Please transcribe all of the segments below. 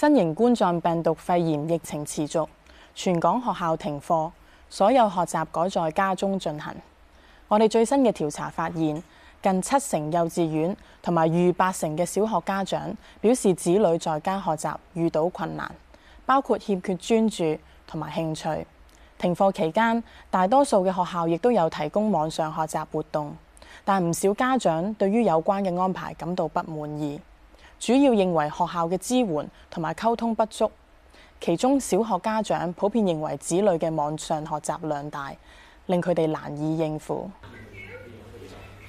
新型冠狀病毒肺炎疫情持續，全港學校停課，所有學習改在家中進行。我哋最新嘅調查發現，近七成幼稚園同埋逾八成嘅小學家長表示子女在家學習遇到困難，包括欠缺專注同埋興趣。停課期間，大多數嘅學校亦都有提供網上學習活動，但唔少家長對於有關嘅安排感到不滿意。主要認為學校嘅支援同埋溝通不足，其中小學家長普遍認為子女嘅網上學習量大，令佢哋難以應付。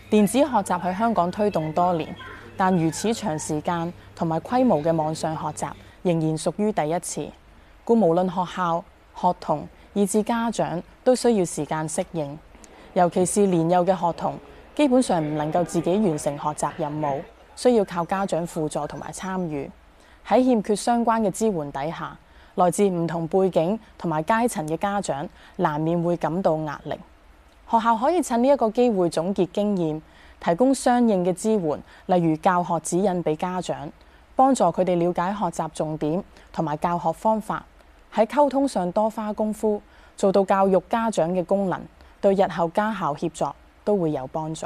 電子學習喺香港推動多年，但如此長時間同埋規模嘅網上學習仍然屬於第一次，故無論學校、學童以至家長都需要時間適應，尤其是年幼嘅學童，基本上唔能夠自己完成學習任務。需要靠家長輔助同埋參與，喺欠缺相關嘅支援底下，來自唔同背景同埋階層嘅家長難免會感到壓力。學校可以趁呢一個機會總結經驗，提供相應嘅支援，例如教學指引畀家長，幫助佢哋了解學習重點同埋教學方法，喺溝通上多花功夫，做到教育家長嘅功能，對日後家校協作都會有幫助。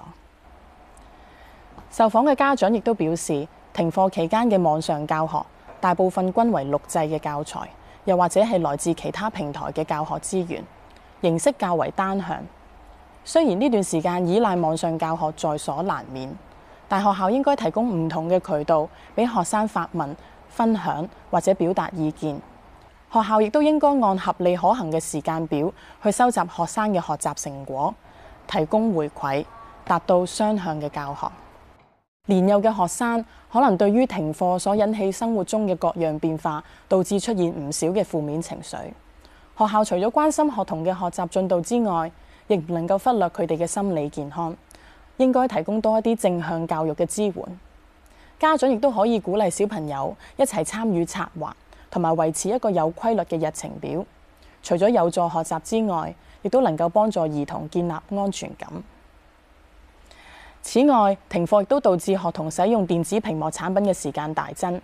受訪嘅家長亦都表示，停課期間嘅網上教學大部分均為錄製嘅教材，又或者係來自其他平台嘅教學資源，形式較為單向。雖然呢段時間依賴網上教學在所難免，但學校應該提供唔同嘅渠道俾學生發問、分享或者表達意見。學校亦都應該按合理可行嘅時間表去收集學生嘅學習成果，提供回饋，達到雙向嘅教學。年幼嘅學生可能對於停課所引起生活中嘅各樣變化，導致出現唔少嘅負面情緒。學校除咗關心學童嘅學習進度之外，亦唔能夠忽略佢哋嘅心理健康，應該提供多一啲正向教育嘅支援。家長亦都可以鼓勵小朋友一齊參與策劃，同埋維持一個有規律嘅日程表。除咗有助學習之外，亦都能夠幫助兒童建立安全感。此外，停課亦都導致學童使用電子屏幕產品嘅時間大增。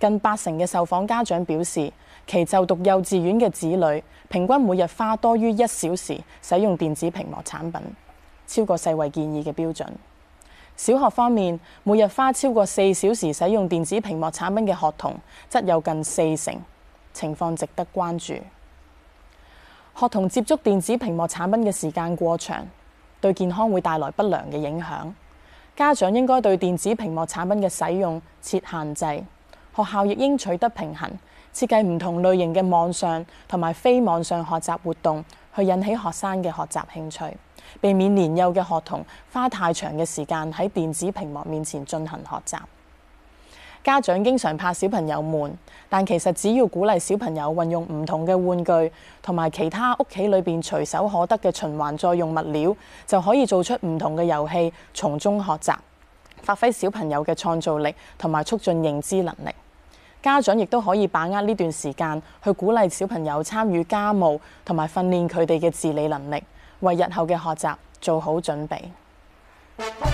近八成嘅受訪家長表示，其就讀幼稚園嘅子女平均每日花多於一小時使用電子屏幕產品，超過世衛建議嘅標準。小學方面，每日花超過四小時使用電子屏幕產品嘅學童則有近四成，情況值得關注。學童接觸電子屏幕產品嘅時間過長，對健康會帶來不良嘅影響，家長應該對電子屏幕產品嘅使用設限制，學校亦應取得平衡，設計唔同類型嘅網上同埋非網上學習活動，去引起學生嘅學習興趣，避免年幼嘅學童花太長嘅時間喺電子屏幕面前進行學習。家長經常怕小朋友悶，但其實只要鼓勵小朋友運用唔同嘅玩具，同埋其他屋企裏邊隨手可得嘅循環再用物料，就可以做出唔同嘅遊戲，從中學習，發揮小朋友嘅創造力，同埋促進認知能力。家長亦都可以把握呢段時間去鼓勵小朋友參與家務，同埋訓練佢哋嘅自理能力，為日後嘅學習做好準備。